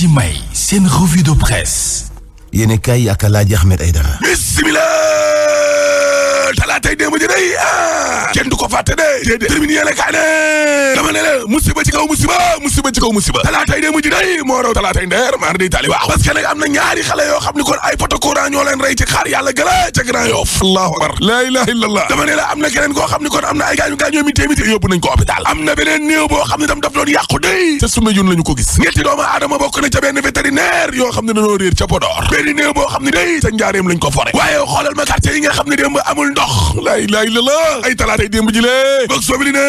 di may seen revue de presse yéen kay ak Alaaji Ahmed Aidara bismillah talaatay démb ji day ah kenn du ko fàtte de déedéet terminé dama ne musiba ci kaw musiba musiba ci kaw musiba day moo raw talaatay ndeer maar day taali waaw parce que nag am na ñaari xale yoo xam ni kon ay poto courant ñoo dama ne la am na keneen koo xam ni kon am na ay gaañu gaañoo mi téemité yóbbu day te suma yun la ko gis ñetti doomu aadama bokk na ca benn vétérinaire yoo xam ne dañoo réer ca Podor benn néew boo xam ne day ca njaareem dox laay ay talaatay démb ji lee bog sobli ne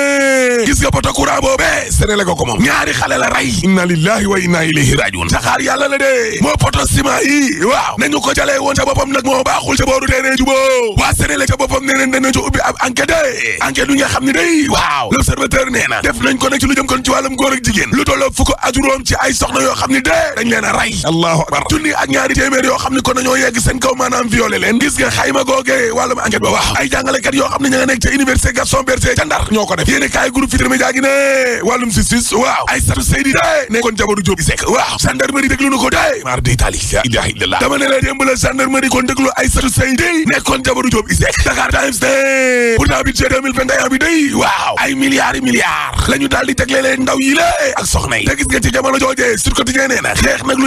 gis nga poto courant boobee eh, Sénégal ko ko moom ñaari xale inna lillahi wa inna ilayhi rajiun saxaar yàlla la dee moo poto ciment yi waaw nañu ko jalee woon ca boppam nag moo baaxul ca booru teenee jubo waa Sénégal ca boppam nee neen danañ ci ubbi ab enquête enquête yu xam ne day waaw l'observateur nee na def nañ ko nag ci lu kon ci wàllum góor ak jigéen lu tolloo fukk ak juróom ci ay soxna yoo xam ne dee leen a rey allahu akbar junni ak ñaari téeméer waaw ay jàngalekat yoo xam ne ña nga nekk ca université Gaston Berger ca ñoo ko def yéene kaay groupe Futurs Médias gi ne wàllum justice waaw ay satu Seydi dee nekkoon jabaru Jóob Seck waaw gendarmerie déglu na ko dee mar di tali la ilaha illallah dama ne la démb ay satu Seydi nekkoon jabaru Jóob Seck Dakar Times ne pourtant budget 2021 bi day waaw ay milliards yi milliards la ñu di tegle leen ndaw yi lée ak soxna yi te gis nga na xeex nag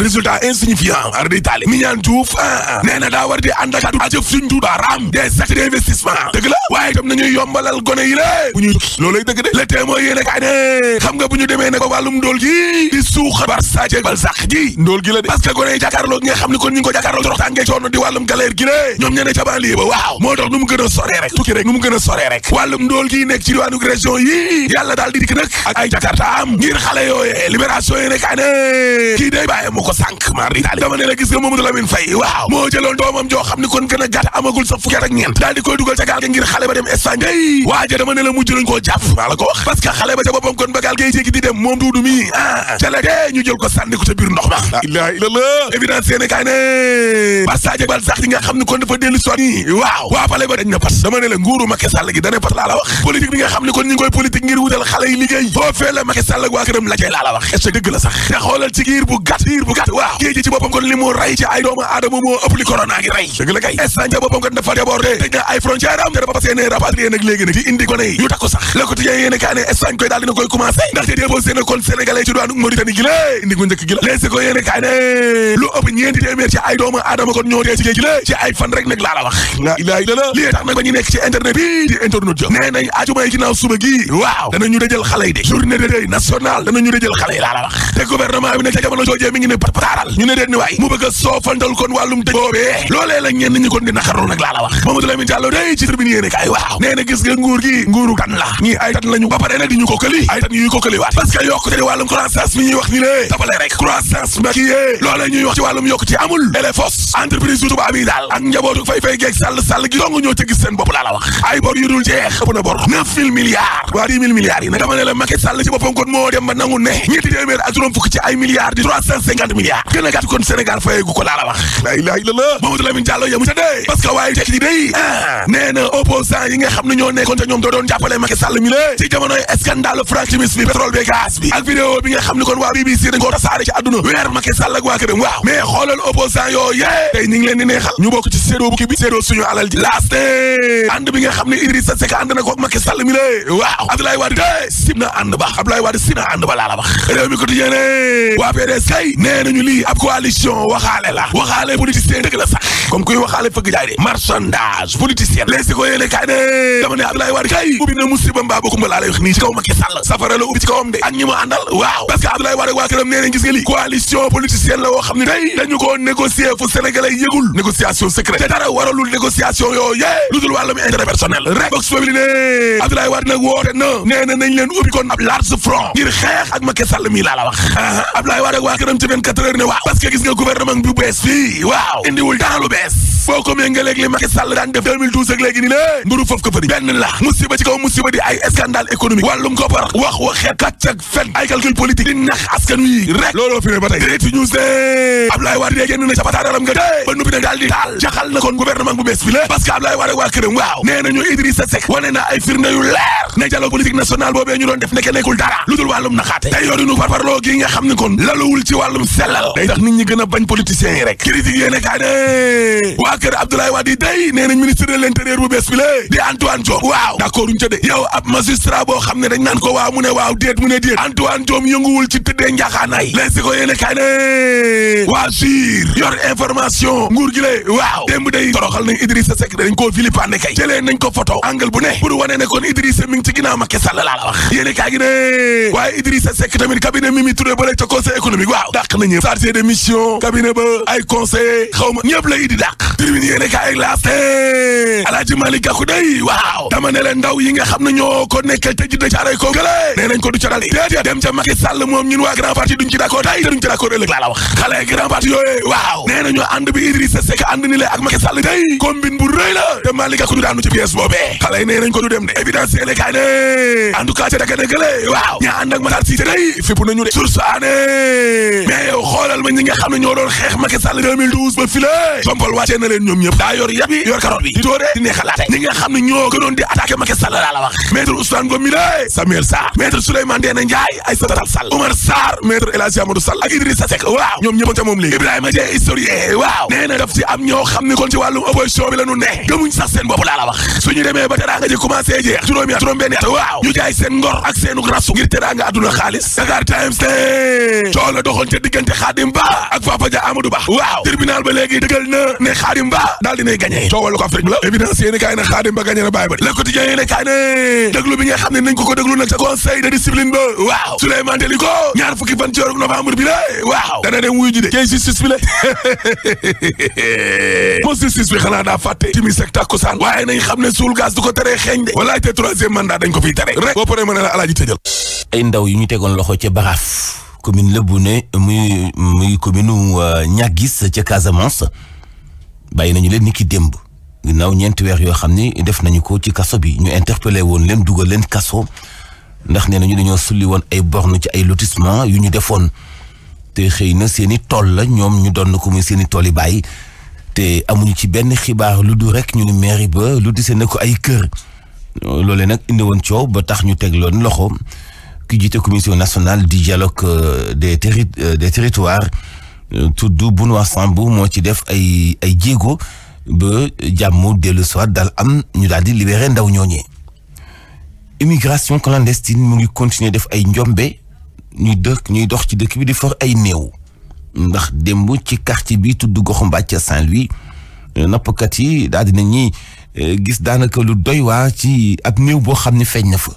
lu ne suñu fi an ardi taali Mignane Diouf a ah, ah. na daa war di ànd ak ajëf suñ duudaaram des d'investissement dëgg la waaye itam nañuy yombalal gone yi lée bu ñuy tukki loolay dëgg de le témoin yéene kaay ne xam nga bu ñu demee ne ko wàllum ndóol gi di suuxa Barça jeeg Balzac ji ndóol gi la de parce que gone yi jàkkaarloo gi xam ni kon ñu ngi ko jàkkaarloo coono di wàllum galère gi lée ñoom ñene ca banlieue ba waaw moo tax nu mu gën a rek tukki rek a rek mar di taali dama ne la gis nga Mamadou Lamine Faye waaw moo jëloon doomam joo xam ni kon gën a gàtt amagul sa fukki at ak daal di koy dugal ca gaal ga ngir xale ba dem Espagne day waaja dama ne la mujj nañ koo jàpp maa xale ba ca kon ba gaal gay jéggi di dem moom duudu mi ah dee ñu jël ko sànni ko ca biir ndox ma la ilaha illallah évidence yéene kaay ne ba sax di xam ni kon dafa dellu sot yi waaw waa pale ba dañ na pat dama ne nguuru Macky Sall ji ci boppam kon li rey ci ay doomu aadama moo ëpp li corona gi rey dëgg la ay frontière am te dafa fas yéene rapatrié nag léegi nag ci indi ko ne ñu takku sax le quotidien ba ñu nekk ci internet bi te gouvernement bi nag mi ngi ne pat pataaral ñu ne déet ni waay mu bëgg a soofandal kon wàllum dëj boobee loolee la ñenn ñi kon di naxarlu nag la wax Mamadou Lamine Diallo day ci di ñu yi na dama ne la Macky Sall ci boppam kon moo dem ba ne ñetti téeméer ak juróom fukk ci ay milliards di trois cent cinquante Sénégal ah. ci kon bi nga xam ne kon waa BBC na ko Macky Sall mi la waaw Abdoulaye Wade dee sib na ba Abdoulaye Wade sib na ba laa la wax réew mi waa PDS kay nee nañu lii ab coalition waxaale la waxaale politicien dëgg la sax comme kuy waxaale fëgg jaay de marchandage politicien les ko yéene kaay ne dama ne Abdoulaye kay ubbi na musiba mbaa bokku mba nii ci kaw Macky Sall safara la ubbi ci kawam de ak ñi ma àndal waaw parce que Abdoulaye Wade waa këram nee nañ la woo xam ne tey dañu ko négocier fu Sénégalais yëgul négociation secrète te dara waralul négociation yooyu yee lu dul wàllum na nee na parce que gis nga gouvernement bu bees fii waaw indiwul dara lu bees foo ko méngaleeg li Macky Sall daan def 2012 ak léegi ni lé mburu foofu ko fëri benn la musiba ci kaw musiba di ay scandale économique wàllum koppar wax wax xeet kàcc ak fen ay calcul politique di nax askan wi rek looloo fi ne ba tey direct news de Ablaye Wade dee génn na capataaralam nga dee ba noppi nag daal di taal jaxal na kon gouvernement bu bees bi la parce que Ablaye Wade waa këram waaw nee nañu Idrissa Seck wane na ay firnde yu leer ne dialogue politique national boobee ñu doon def nekke nekkul dara lu dul wàllum naxaate tey yorinu farfarloo gi nga xam ne kon laluwul ci wàllum sellal day tax nit ñi gën a bañ politiciens yi rek critique yéene kaa ne waa kër Abdoulaye Wade yi ministre de l' bu bees lé di Antoine Diome waaw d'accord uñu ca de yow ab xam ne dañ naan ko waaw mu ne waaw déet mu ne déet Antoine Diome yënguwul ci tëddee njaaxaanaay les si ko yéene kaay ne waa sur yor information nguur gi lé waaw démb day toroxal nañ Idrissa Seck dañ koo vilipande kay jëlee nañ ko photo angle bu ne pour wane ne kon Idrissa mi ci ginnaaw Macky Sall laa wax yéene kaay gi ne waaye Idrissa Seck tamit cabinet Mimi Touré ba le ca conseil économique waaw dàq xaw ma ñëpp la di dàq Tribune yéen kaay ak laas Alaaji Malick Gakou day waaw dama ne leen ndaw yi nga xam ne ñoo ko nekkee ca jidda caaray koo gële nee ko du ca dali déedéet dem ca Macky Sall moom ñun waa grand parti duñ ci d'accord tey te duñ ci d'accord ëllëg la wax xale grand parti yooyee waaw nee nañoo ànd bi Idrissa Seck ànd ni le ak Macky Sall day combine bu rëy la te Malick Gakou du daanu ci pièce boobee xale yi ko du dem de évidence yéen kaay ne en tout ca daka leen ñoom ñëpp daa yor yab yi yor karoot bi di doore di neexalaate ñi nga xam ne ñoo gënoon di attaqué Macky Sall laa la wax maître Ousmane Ngom mi lé Samuel Sarr maître Souleymane Ndéné Ndiaye Aïssata Tall Sall Oumar Sarr maître El Hadji Amadou Sall ak Idrissa Seck waaw ñoom ñëpp ca moom léegi Ibrahima Dieng historien waaw nee na daf ci am ñoo xam ne kon ci wàllum opposition bi la ne gëmuñ sax seen bopp laa la wax suñu demee ba teraanga ji commencé jeex juróomi at juróom Xaadim Ba daal dinay gagné coowalu ko Afrique la évidence yéeni kaay na Xaadim Ba gagné na Baye Bari Le Quotidien yéeni kaay ne déglu bi nga xam ne nañ ko ko déglu nag ca conseil de discipline ba waaw Souleymane Teliko ñaar fukki fan ci weeru novembre bi la waaw dana dem wuyu ji de kay justice bi la mo justice bi xanaa daa fàtte timis ak takkusaan waaye nañ xam ne suul gaz du ko teree xeeñ de walaay te troisième mandat dañ ko fiy tere rek boo paree mën na la alaaji ay ndaw bàyyi nañu leen niki démb ginnaaw ñeenti weer yoo xam ni def nañu ko ci kaso bi ñu interpellé woon leen dugal leen kaso ndax nee nañu dañoo sulli woon ay borne ci ay lotissement yu ñu defoon te xëy na seen i tool la ñoom ñu doon ko muy seen i tool yi bàyyi te amuñu ci benn xibaar lu du rek ñu ni mairie ba lu dise na ko ay kër loolee nag indi woon coow ba tax ñu teg loon loxo ki jiite commission nationale du dialogue euh, des terri euh, des territoires tudd Benoît Sambou moo ci def ay ay jéego ba jàmm dellu soit daal am ñu daal di libéré ndaw ñooñee immigration clandestine mu ngi continuer def ay njombe ñuy dëkk ñuy dox ci dëkk bi di for ay néew ndax démb ci quartier bi tudd goxu Mbàcc Saint-Louis nappkat yi daal dina ñi eh, gis daanaka lu doy waa ci ab néew boo xam ni feeñ na fa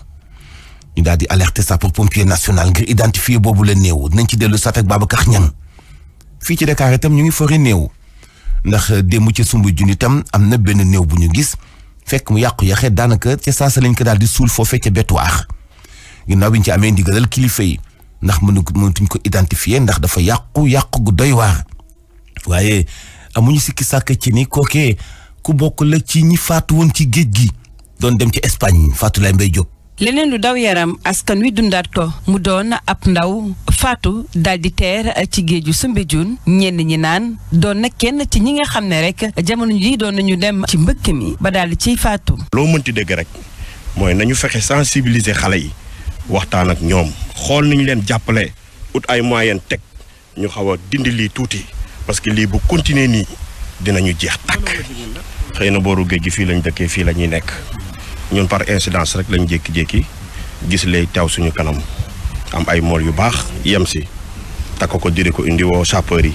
ñu daal di alerter sapeur pompier national ngir identifier boobu la néew nañ ci dellu soit ak Babacar Niang fii ci Dakar itam ñu ngi fori néew ndax euh, démb ca Soumbédioune itam am na benn néew bu ñu gis fekk mu yàqu yaxee daanaka ca saasa lañ ko daal di suul foofee ca Betuwaax ginnaaw bi ñu ci amee ndigalal kilifa yi ndax mënu mënatuñ ko identifier ndax dafa yàqu yàqu gu doy waar waaye amuñu sikki sàkk ci ni kookee ku bokk la ci ñi faatu woon ci géej gi doon dem ci Espagne Fatou Laye Mbaye Diop leneen lu daw yaram askan wi dundaat ko mu doon ab ndaw faatu daal di teer ci géeju Soumbédioune ñenn ñi naan doon na kenn ci ñi nga xam ne rek jamono ji doon nañu dem ci mbëkk mi ba daal di ciy faatu. loo mënti dégg rek mooy nañu fexe sensibiliser xale yi waxtaan ak ñoom xool nañu leen jàppale ut ay moyen teg ñu xaw a dindi lii tuuti parce que lii bu continuer nii dinañu jeex takk xëy na booru géej gi fii lañu dëkkee fii la ñuy nekk. ñun par incidence rek lañ jékki-jékki gis lay taw suñu kanam am ay mool yu baax yem si takk ko diri ko indiwoo woo yi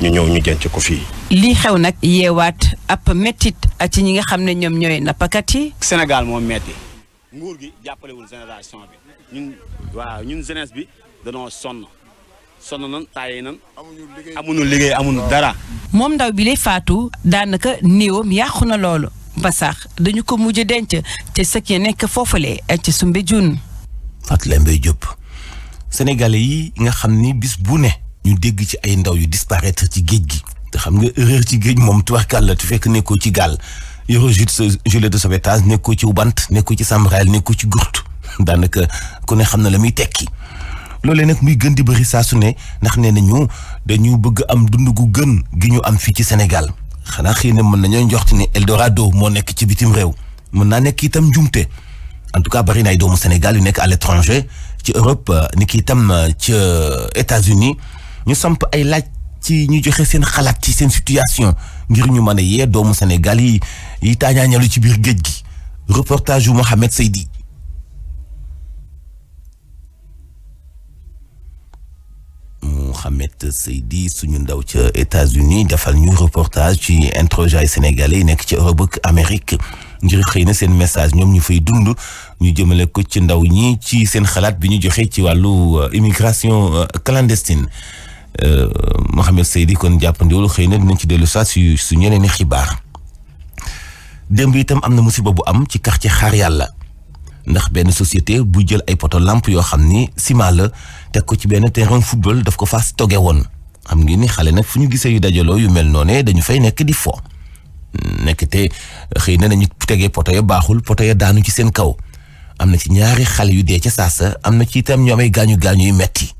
ñu ñëw ñu jenc ko fii. lii xew nag yeewaat ab méttit ci ñi nga xam ne ñoom ñooy nappakat yi. Sénégal moom metti nguur gi jàppalewul génération bi ñun waaw ñun jeunesse bi danoo sonn sonn nan taaye nan amuñu liggéey amuñu dara. moom ndaw bi lay faatu daanaka néewam yàqu na loolu. Basaax dañu ko mujj denc ca sëkk ya nekk foofale ca Soumbédioune. Fatou Mbaye Diop sénégalais yi nga xam ni bis bu ne ñu dégg ci ay ndaw yu disparaître ci géej gi te xam nga erreur ci géej moom tu tubarkàlla la tu fekk nekkoo ci gaal yoroo gilet de sauvetage nekkoo ci bant nekkoo ci samraal nekkoo ci gurt daanaka ku ne xam na la muy tekki. loole nag muy gën di bëri saasu ne ndax ne nañu dañu bëgg am dund gu gën gi ñu am fii ci Sénégal. xanaa xëy na mën nañoo njoxti ni Eldorado moo nekk ci bitim réew mën naa nekk itam njumte en tout cas bari na ay doomu Sénégal yu nekk à l'étranger ci Europe euh, ni kii tam euh, ci euh, États-Unis ñu samp ay laaj ci ñu joxe seen xalaat ci seen situation ngir ñu mën a yee doomu Sénégal yi yi taañaañalu ci biir géej gi reportage yu Mohamed Seydi Mohamed Seydi suñu ndaw ca États-Unis defal ñu reportage ci introjay sénégalais yi nekk ci Europe ak Amérique ngir xëy na seen message ñoom ñu fay dund ñu jëmale ko ci ndaw ñi ci seen xalaat bi ñu joxee ci wàllu euh, immigration euh, clandestine euh, Mohamed Seydi kon jàppandiwul xëy na dinañ ci dellu saa su su ñeneen i xibaar démb itam am na musiba bu am ci quartier xaar yàlla ndax benn société bu jël ay poto làmp yoo xam ni ciment la teg ko ci benn terrain football daf ko faas toge woon xam ngi ni xale nag fu ñu gisee yu dajaloo yu mel noonee dañu fay nekk di fo nekk te xëy na nañu tegee poto ya baaxul poto ya daanu ci seen kaw am na ci ñaari xal yu dee ca sa am na ci itam ñoom may gaañu gaañu yu metti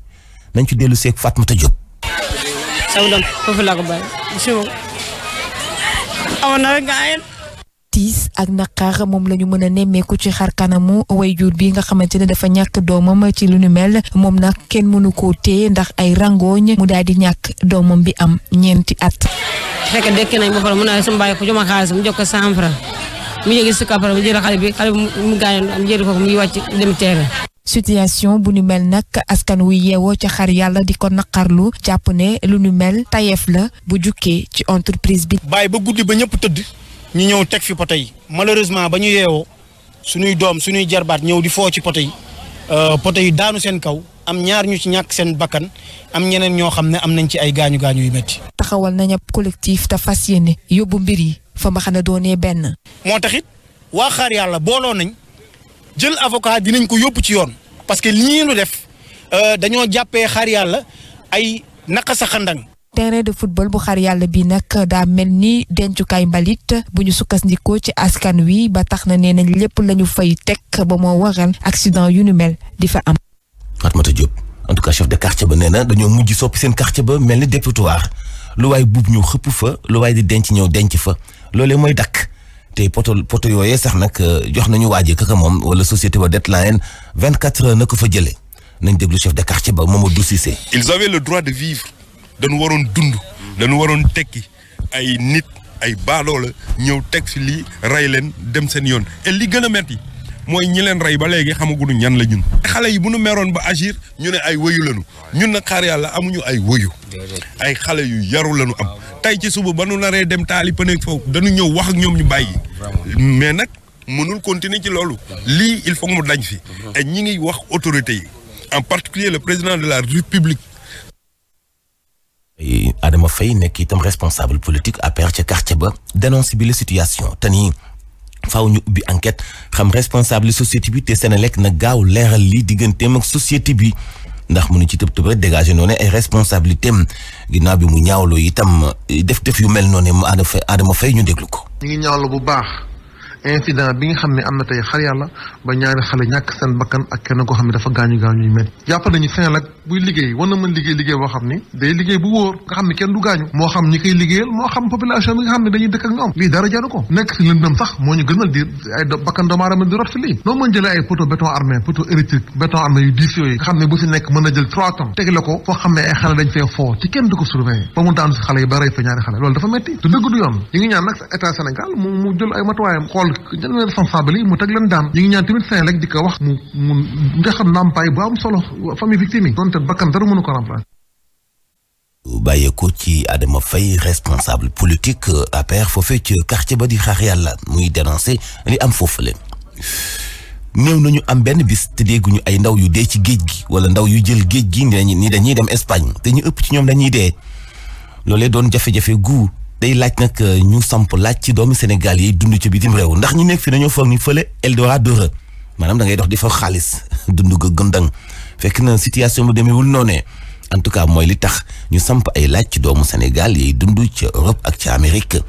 nañ ci dellu seeg Fatmata jot sama doom foofu laa ko bàyyi. amoon na rek tiis ak moom la ñu mën a nemmeeku ci xar kanamu wayjur bi nga xamante ne dafa ñàkk doomam ci lu nu mel moom nag kenn mënu koo téye ndax ay rangooñ mu daal di ñàkk doomam bi am ñeenti at. fekk dekk nañ ba naa su ma ko jox ma xaalis mu jox ko 100 francs mu yëg si kaw mu bi xale bi mu gaañoon ko mu ngi wàcc dem teere situation bu ñu mel nag askan wu yeewoo ci xar yàlla di ko naqarlu jàpp ne lu nu mel tayeef la bu jukkee ci entreprise bi. bàyyi ba guddi ba ñëpp tëdd. ñu ñëw teg fi poto yi malheureusement ba ñu yeewoo suñuy doom suñuy jarbaat ñëw di foo ci poto yi euh, poto daanu seen kaw am ñaar ñu ci ñàkk seen bakkan am ñeneen ñoo xam ne am nañ ci ay gaañu gaañu yu métti. taxawal nañ ab collectif te fas yéene yóbbu mbir yi fa ma xana doonee benn. moo tax it waa xaar yàlla booloo nañ jël avocat dinañ ko yóbbu ci yoon parce que li ñu def euh, dañoo jàppee xaar yàlla ay naqasa terrain de football bu xar yàlla bi nag daa mel ni dencukaay mbalit bu ñu sukkas sukkandikoo ci askan wi ba tax na nee nañ lépp la ñu fay teg ba moo waral accident yu nu mel di fa am. Fatmata Diop en tout cas chef de quartier ba nee na dañoo mujj soppi seen quartier ba mel ni dépotoir lu waay buub ñu xëpp fa lu waay di denc ñëw denc fa loole mooy dakk te poto poto yooyee sax nag euh, jox nañu waajee kaka moom wala société ba deadline 24 heures na ko fa jëlee nañ déglu chef de quartier ba Mamadou Cissé. Ils dañu waroon dund dañu waroon tekki ay nit ay baadoo la ñëw teg fi lii rey leen dem seen yoon et li gën a metti mooy ñi leen rey ba léegi xamaguñu ñan la ñun xale yi bu nu meroon ba agir ñu ne ay wëyu lanu ñun na xaar yàlla amuñu ay wëyu ay xale yu yaru lañu am tey ci suba ba nu naree dem taali pëneeg foofu dañu ñëw wax ak ñoom ñu bàyyi mais nag mënul continuer ci loolu lii il faut mu dañ fi et ñi ngi wax autorité yi en particulier le président de la république Adama Faye nekk itam responsable politique APR ca quartier ba dénonce bi la situation te ni faaw ñu ubbi enquête xam responsable société bi te Senelec na gaaw leeral lii digganteem ak société bi ndax mënu ci tëb tëb rek dégagé noonu ay responsabilité am ginnaaw bi mu ñaawloo itam def def yu mel noonu Adama fay ñu déglu ko. ñu ngi ñaawloo bu baax incident bi nga xam ne am na tey xar yàlla ba ñaari xale ñàkk seen bakkan ak kenn koo xam ne dafa buy liggéey war na mën liggéey liggéey boo xam ni day liggéey bu wóor nga xam ne kenn du gaañu moo xam ñi koy liggéeyal moo xam population bi nga xam ne dañuy dëkk ak nekk si ne bu si nekk mën na jël trois tonnes teg la ko foo xam ne ay xale dañ fee foo ci kenn du ko surveiller ba mu daan si xale yi ba rey fa ñaari xale loolu dafa metti du dëgg yoon ñi ngi ñaan nag état Sénégal mu mu jël ay matuwaayam xool ñan responsable yi mu teg leen daan ñi ngi ñaan tamit Sénélec di ko wax mu te bakkan dara mënu ko remplacer. bàyyeeko ci Adama fay responsable politique APR foofee ci quartier ba di xaar yàlla muy dénoncer li am foofu foofule. néew nañu am benn bis te dégguñu ay ndaw yu dee ci géej gi wala ndaw yu jël géej gi ni dañuy dem Espagne te ñu ëpp ci ñoom dañuy dee loolee doon jafe-jafe gu day laaj nag ñu samp laaj ci doomi Sénégal yi dund ci bitim réew ndax ñu nekk fi dañoo foog ni fële Eldorado maanaam dangay dox di fa xaalis dund ga gëndang fekk na situation bu demeewul noonee en tout cas mooy li tax ñu samp ay laaj ci doomu Sénégal yay dundu ci Europe ak ci Amérique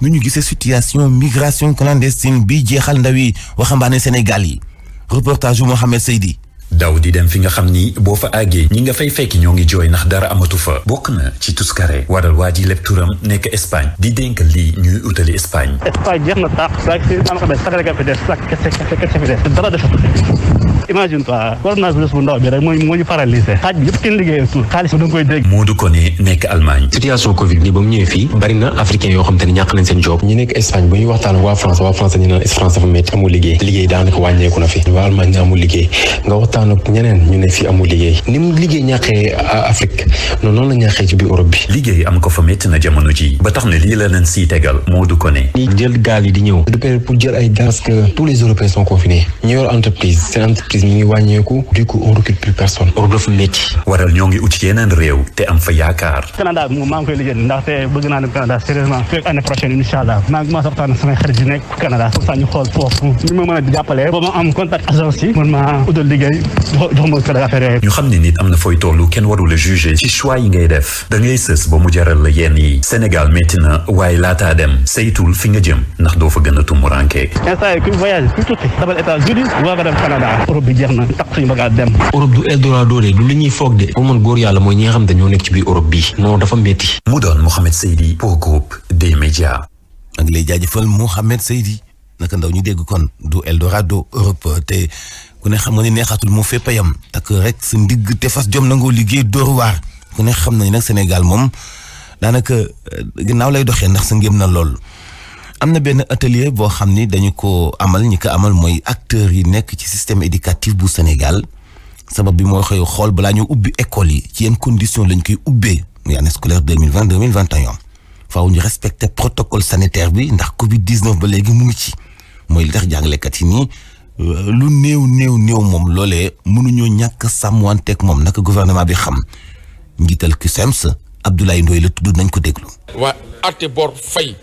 nu ñu gisee situation migration clandestine bi jeexal ndawi waxambaane Sénégal yi reportage bu Mohamed Seydi daw di dem fi nga xam ni boo fa àggee ñi nga fay fekki ñoo ngi jooy ndax dara amatu fa bokk na ci tuskare waral waa ji lépp turam nekk Espagne di dénk lii ñuy na taax saa si daanaka da nga koy dégg. Moodu Koné nekk Allemagne. situation Covid nii ba mu ñëwee fii bari na africain yoo xam te ne ñàkk nañ seen job ñi nekk Espagne bu ñuy waxtaan waa France waa France ñu naan France dafa métti amul liggéey liggéey daanaka wàññeeku waa Allemagne amul liggéey nga waxtaan waxtaan ak ñeneen ñu ne fii amul liggéey ni mu liggéey na jamono ji ba tax ne lii la leen tegal moo du ko ne jël gaal di ñëw du pare jël ay gaal parce que les Européens sont confinés ñu yor entreprise seen entreprise ñu wàññeeku du coup on recrute plus Europe dafa métti waral ñoo ngi uti yeneen réew te am fa yaakaar Canada bi maa koy liggéey ndaxte bëgg naa dem Canada sérieusement fekk année prochaine incha xool foofu ñu ma mën a jàppale am contact agence mën ma utal liggéey ñu xam ne nit am na fooy tollu kenn warul la jugé ci choix yi ngay def da ngay sës ba mu jaral la yenn yi Sénégal métti na waaye laataa dem saytul fi nga jëm ndax doo fa gën a tumuranke instant yi kuy voyage kuy tukki dabal états waa nga dem Canada Europe du Eldorado de du li ñuy foog de bu mën góor yàlla mooy ñi nga xam ne ñoo nekk ci biir Europe bi non dafa métti mu doon Mouhamed Seydi pour groupe des médias ak lay jaajëfal Mouhamed Seydi na ndaw ñu dégg kon du Eldorado ko ne xam nga ni neexaatul moo fépp a yam takk rek sa ndigg te fas jom nangoo liggéey dóor waar ku ne xam na nag Sénégal moom daanaka euh, gannaaw lay doxee ndax sa ngéem na lool. am na benn atelier boo xam ni dañu ko amal ñi ko amal mooy acteurs yi nekk ci système éducatif bu Sénégal sabab bi mooy xëy xool balaa ñu ubbi école yi ci yenn condition lañ koy ubbee muy année scolaire deux mille vingt deux mille vingt et un faaw ñu respecté protocole sanitair bi ndax Covid 19 ba léegi mu ngi ci mooy li tax yi nii. Euh, lu néew néew néew moom loolee mënuñoo ñàkk sàmm wanteeg moom naka gouvernement bi xam njiital CUSEMS Abdoulaye Ndoye la tudd nañ ko déglu. waa Até Bor Faye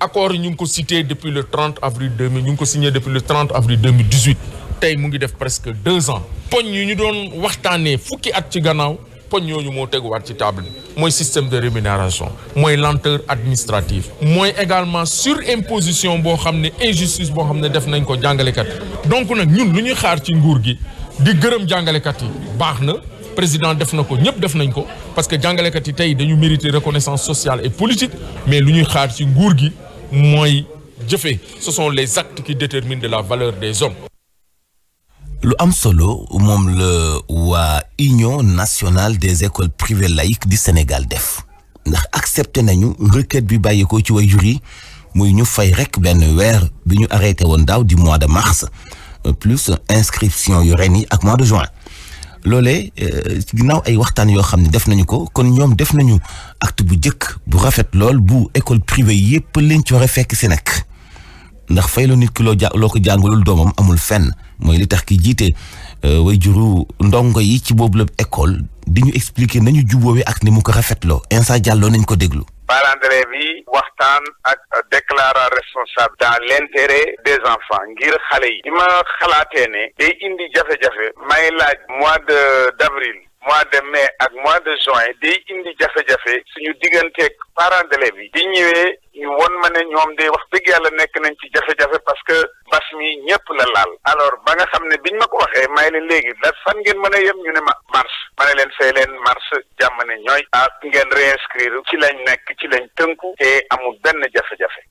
accord ñu ngi ko cité depuis le 30 avril 2000 ñu ngi ko signé depuis le 30 avril 2018 tey mu ngi def presque deux ans. poñ yu ñu doon waxtaanee fukki at ci gannaaw. poñ yooyu moo teguwaat ci table bi mooy système de rémunération mooy lenteur administrative mooy également sur imposition boo xam ne injustice boo xam ne def nañ ko jàngalekat yi donc nag ñun lu ñuy xaar ci nguur gi di gërëm jàngalekat yi baax na président def na ko ñëpp def nañ ko parce que jàngalekat yi tey dañu mériter reconnaissance sociale et politique mais lu ñuy xaar ci nguur gi mooy jëfee ce sont les actes qui déterminent de la valeur des hommes lu am solo moom la waa Union nationale des écoles privées laïques di Sénégal def ndax accepté nañu requête bi bàyyeekoo ci waajur yi muy ñu fay rek benn weer bi ñu arrêté woon daaw di mois de mars euh, plus inscription yu ren yi ak mois de juin loolee euh, ginnaaw ay waxtaan yoo xam ne def nañu ko kon ñoom def nañu acte bu jëkk bu rafet lool bu école privée yépp lañ ci war fekk si nag ndax fay la nit ki loo ja ko jàngalul doomam amul fenn mooy li tax ki jiite euh, way juru ndongo yi ci boobu la école di ñu expliquer nañu jubboowee ak ni mu ko rafetloo Insa Diallo nañ ko déglu. parents d'élèves yi waxtaan ak déclarer responsable dans l'intérêt des enfants ngir xale yi. bi ma xalaatee ne. day indi jafe-jafe. may laaj mois de d'avril. mois de mais ak mois de juin day indi jafe-jafe suñu digganteeg parents d'élèves yi. di ñëwee ñu won ma ne ñoom day wax dëgg yàlla nekk nañ ci jafe-jafe parce que mbas mi ñëpp la laal. alors ba nga xam ne biñ ma ko waxee may leen léegi da fan ngeen mën a yem ñu ne ma mars ma ne leen fay leen mars jàmm ne ñooy. a ah, ngeen réinscrire ci lañ nekk ci lañ tënku. te amul benn jafe-jafe.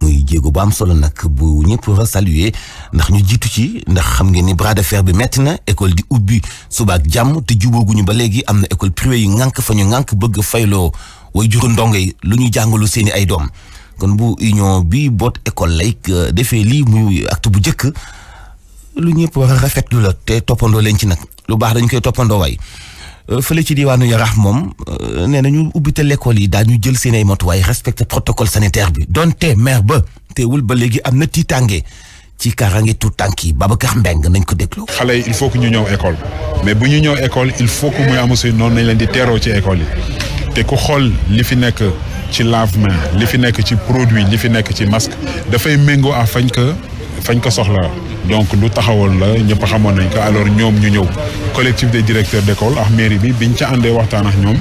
muy jéego bu am solo nag bu ñëpp war a saluer ndax ñu jiitu ci ndax xam ngeen ni bras de fer bi metti na école di ubbi suba ak jàmm te jubóoguñu ba léegi am na école privée yu ŋànk fa ñu ŋànk bëgg fayloo way juru ndongo yi lu ñu jàngalu seeni ay doom kon bu union bi boot école lay euh, defee lii muy acte bu njëkk lu ñëpp war a rafetlu la te toppandoo leen ci nag lu baax dañ koy toppandoo waay Euh, fële ci diwaanu Yarax moom euh, nee nañu ubbite l'école yi daañu jël seen ay matuwaay respecté protocole sanitaire bi donte maire ba teewul ba léegi am na tiitaange ci kaaraange tuut tànk yi Babacar Mbeng nañ ko déglu. xale yi il faut que ñu ñëw école mais bu ñu ñëw école il faut que muy amu si noonu nañ leen di teeroo ci école yi te ku xool li fi nekk ci lave-main li fi nekk ci produit li fi nekk ci masque dafay méngoo à fañ ko fañ ko soxla donc lu taxawul la ñëpp xamoon nañ ko alors ñoom ñu ñëw collectif des directeurs d'école ax mairie bi biñ ca àndee waxtaan ak ñoom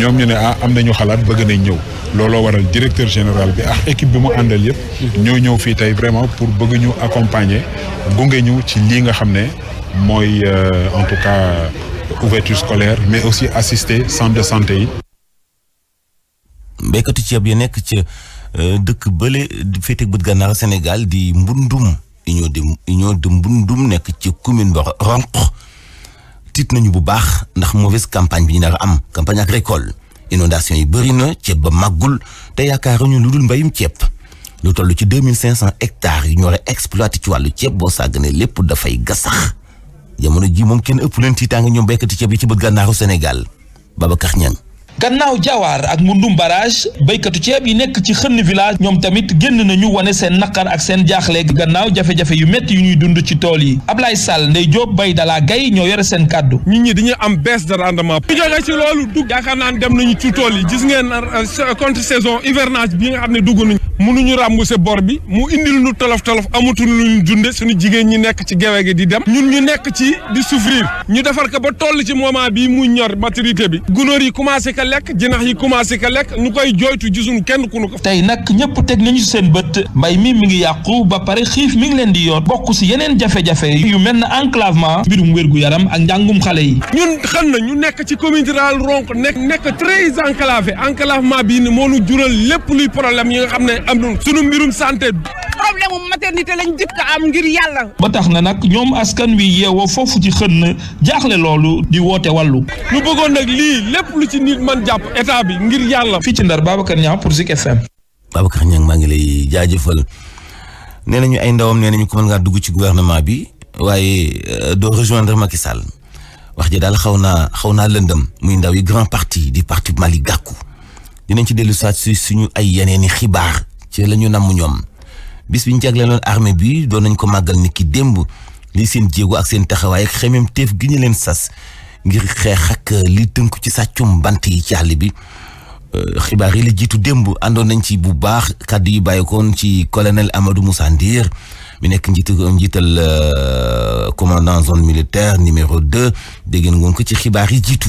ñoom ñu ne ah am nañu xalaat bëgg nañ ñëw looloo waral directeur général bi ak équipe bi mu àndal yëpp ñoo ñëw fii tey vraiment pour bëgg ñu accompagner gunge ñu ci lii nga xam ne mooy euh, en tout cas ouverture scolaire mais aussi assister centre de santé yi mbaykatu ceeb yi nekk ca euh, dëkk bële féete bët gànnaaru Sénégal di mbundum union ñoo union de mbundum nekk ci commune ba ronq tiit nañu bu baax ndax mauvaise campagne bi ñu nar a am campagne agricole inondation yi bëri na ceeb ba màggul te yaakaaruñu lu dul mbayum ceeb lu tollu ci deux mille cinq cent hectares yu ñu war a ci wàllu ceeb boo sàgganee lépp dafay gasax jamono ji moom kenn ëpp leen tiitaange ñoom béykati ceeb yi ci bët gànnaaru Sénégal Babacar gannaaw jawaar ak mbundum barrage béykatu ceeb yi nekk ci xënn village ñoom tamit génn nañu wane seen naqar ak seen jaaxle gannaaw jafe-jafe yu métti yu ñuy dund ci tool yi Ablaye Sall Ndey Diop Bay Dala gay ñoo yore seen kàddu nit ñi dañuy am baisse de rendement ñu jóge ci loolu dugg yaakaar naa dem nañu ci tool yi gis ngeen euh, contre saison hivernage bi nga xam ne dugg nañu mënuñu remboursé bor bi mu indil nu tolof tolof amatul luñu dunde suñu jigéen ñi nekk ci gewe gi di dem ñun ñu nekk ci di souffrir ñu defar ko ba toll ci moment bi mu ñor maturité bi lekk jinax yi commencé ka lekk nu koy jooytu gisuñu kenn ku nu ko. tey nag ñëpp teg nañu seen bët mbay mi mi ngi yàqu ba pare xiif mi ngi leen di yoot bokk si yeneen jafe-jafe yu mel ne enclavement mbirum wérgu yaram ak njàngum xale yi. ñun xam na ñu nekk ci commune rurale Ronkh nekk nekk très enclavé enclavement bii nii moo nu jural lépp luy problème yi nga xam ne am nañu sunu mbirum santé. problème mu maternité lañ jëkk am ngir yàlla. ba tax na nag ñoom askan wi yeewoo foofu ci xën na jaaxle loolu di woote wàllu. ñu bëggoon nag lii lépp lu ci nit man jàpp état bi ngir yàlla. fii ci Ndar Babacar Niang pour si FM. Babacar Niang maa ngi lay jaajëfal nee nañu ay ndawam nee nañu ko ngaa dugg ci gouvernement bi waaye euh, doo rejoindre Macky Sall wax ji daal xaw naa xaw naa lëndëm muy ndaw yi grand parti di parti Mali Gakou dinañ ci dellu saat si suñu ay yeneeni xibaar ci la ñu namm bis bi ñu jagleeloon armée bi doon nañ ko màggal ni ki démb lii seen jéego ak seen taxawaay ak xemem teef gi ñu leen sas ngir xeex ak euh, li tënku ci sàccum bant yi ci àll bi euh, xibaar yi la jiitu démb àndoon nañ ci bu baax kàddu yi bàyyikoon ci colonel Amadou Moussa Ndir mi nekk njiitu njiital euh, commandant zone militaire numéro deux dégg ngeen ko ci xibaar yi jiitu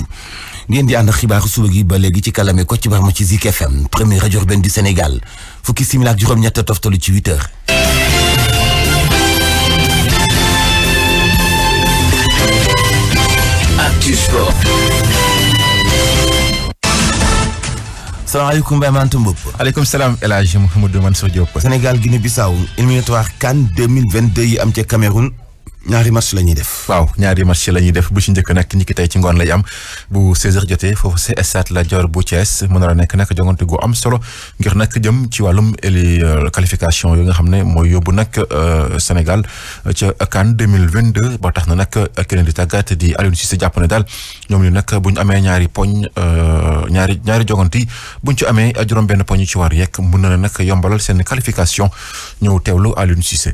ngeen di ànd xibaaru suba gi ba léegi ci kalame ko ci barma ci Zik FM premier rajo urbaine di Sénégal fukki simila ak juróom-ñett toftalu ci 8 heures Actu Sport salaamaaleykum Mbaye Mante Mbop. aleykum salaam El Hadj Mouhamadou Mansour Sénégal Guinée Bissau éliminatoire CAN 2022 yi am ca Cameroun. ñaari match la ñuy def. waaw ñaari match la ñuy def bu ci njëkk nag ñi ki tey ci ngoon lay am bu 16h jotee foofu ci stade Lat Dior mën na nekk nag jongante gu am solo ngir nag jëm ci wàllum eli euh, qualification yi nga xam ne mooy yóbbu nag euh, Sénégal euh, ca CAN 2022 ba tax na nag keneen di tàggat di Aliou Cissé jàpp ne daal ñoom ñu nag bu ñu amee ñaari poñ ñaari ñaari jongante yi ci amee juróom-benn poñ ci war yekk mën na nag yombalal seen qualification ñëw teewlu Aliou Cissé.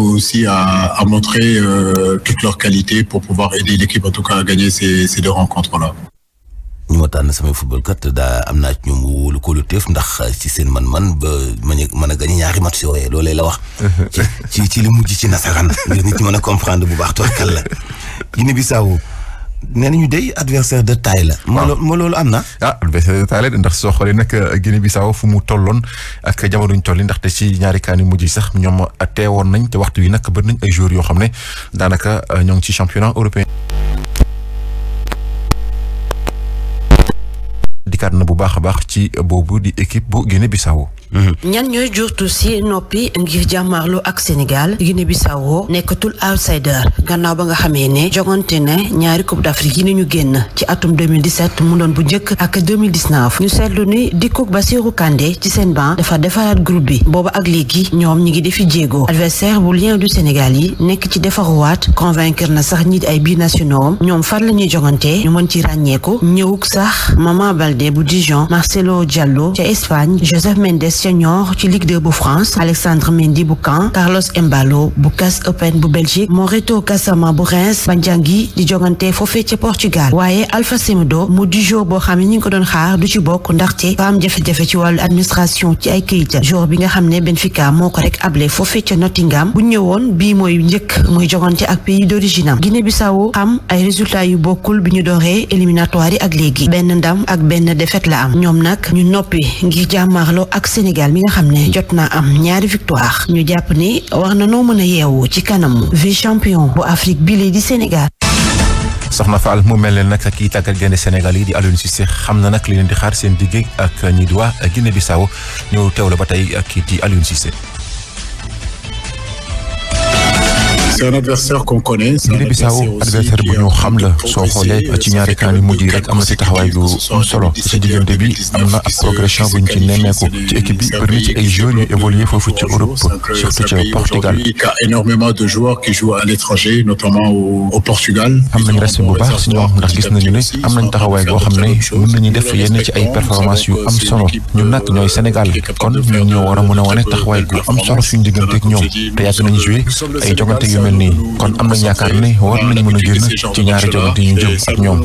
aussi à, à montrer euh, toutes leurs qualités pour pouvoir aider l'équipe en tout cas gagner ces, deux rencontres-là. ñu ma tànn samay football kat daa am naa ci lu wóolu kóoluteef ndax ci seen man-man ba ma man a gañe ñaari match yooyee loolee la wax. ci ci li mujj ci nasaraan. ngeen nit ñi mën a comprendre bu baax toog la Guinée-Bissau nee ñu dey adversaire de taille la. waaw ah. moo loolu am na. ah adversaire de taille ndax soo xoolee nag euh, Guinée Bissau fu mu tolloon ak jamono ñu toll ndaxte ci ñaari kaani yu mujj sax ñoom teewoon nañ te waxtu wi nag bëri nañ ay joueurs yoo xam ne daanaka euh, ñoo ngi ci championnat européen. dikkaat na bu baax a baax ci boobu di équipe bu Guinée Bissau. ñan ñooy jurtu si noppi ngir jàmmaarloo ak Sénégal Guinée Bissau nekkatul outsider gannaaw ba nga xamee ne jogante ne ñaari coupe d'Afrique yi ni ñu génn ci atum 2017 mu doon bu njëkk ak 2019 ñu seetlu ni dikkoog Bassirou Kandé ci seen banc dafa defaraat group bi booba ak léegi ñoom ñi ngi defi jéego adversaire bu lien du Sénégal yi nekk ci defaruwaat convaincre na sax ñi ay binationaux am ñoom fan la ñuy jogante ñu mën ci ràññeeku ñëwug sax Mama Baldé bu Dijon Marcelo Diallo ca Espagne Joseph Mendes senior ci Ligue 2 bu France Alexandre Mendy bu Caen Carlos Embalo bu CAS Open bu Belgique Moreto Gassama bu Reims Banjangi di jongante foofee ca Portugal waaye Alpha Semedo mu di jour boo xam ne ñu ngi ko doon xaar du ci bokk ndaxte fa am jafe-jafe ci wàllu administration ci ay kayit jour bi nga xam ne Benfica moo ko rek ablé foofee ca Nottingham bu ñëwoon bii mooy njëkk muy jongante ak pays d'origine am Guinée-Bissau am ay résultats yu bokkul bi ñu dooree éliminatoire yi ak léegi benn ndam ak benn défaite la am ñoom nag ñu Sénégal mi nga xam ne jot naa am ñaari victoire ñu jàpp ne war na noo mën a yeewu ci kanamu vice champion bu Afrique bile di Sénégal. soxna Fall mu mel na nag kii tàggat gaynde Sénégal yi di Aliou Cissé xam na nag li leen di xaar seen digg ak ñi di waa Guinée Bissau ñëw la ba tey kii di Aliou Cissé. c'est un adversaire qu'on connaît. Guinée-Bissau adversaire bu ñu xam la soo xoolee ci ñaari camp yi mujj rek am na si taxawaay bu am solo ci diggante bi am na ak progression buñ ci nemmeeku ci équipe bi bëri ci ay joueurs yu évolué foofu ci Europe surtout ci Portugal. a am nañ respect bu baax si ñoom ndax gis nañu ne am nañ taxawaay boo xam ne mën nañu def yenn ci ay performances yu am solo ñun euh, nag ñooy Sénégal kon ñun ñoo war a mën a wane taxawaay bu am solo suñu digganteeg ñoom te nii kon am nañ yaakaar ne war nañ mën a génn ci ñaari jogante ñu jëm ak ñoom.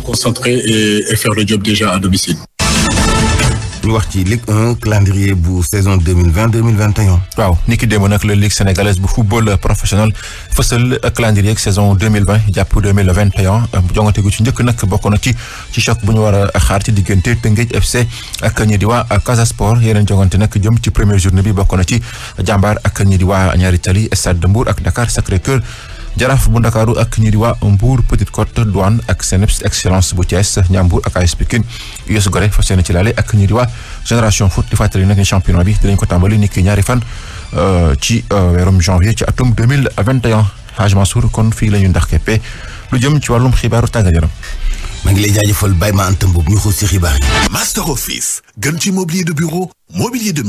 ñu wax ci Ligue 1 calendrier bu saison 2020 2021. waaw ni ki démb nag la Ligue sénégalaise bu football professionnel fësal calendrier saison 2020 jàpp 2021 jongante gu ci njëkk nag bokk na ci ci choc bu ñu a xaar ci diggante Tëngéej FC ak ñi di waa Casa Sport yeneen jongante nag jëm ci première journée bi bokk na ci jàmbaar ak ñi di waa Ñaari Tali Stade de Mbour ak Dakar sacré jaraaf bu ndakaaru ak ñi di waa Mbour Petite Côte douane ak CNEPS excellence bu Thiès Ndiambour ak AS Pikine US Gorée fas yéene ci laale ak ñi génération foot di fàttali nag ni championnat bi dinañ ko tàmbali niki ñaari fan euh, ci euh, weerum janvier ci atum 2021 Haj kon fii la ñu ndax keppe lu jëm ci wàllum xibaaru tàggat yaram maa ma antam boobu ñu xool si xibaar yi. Master Office gën ci mobilier de bureau mobilier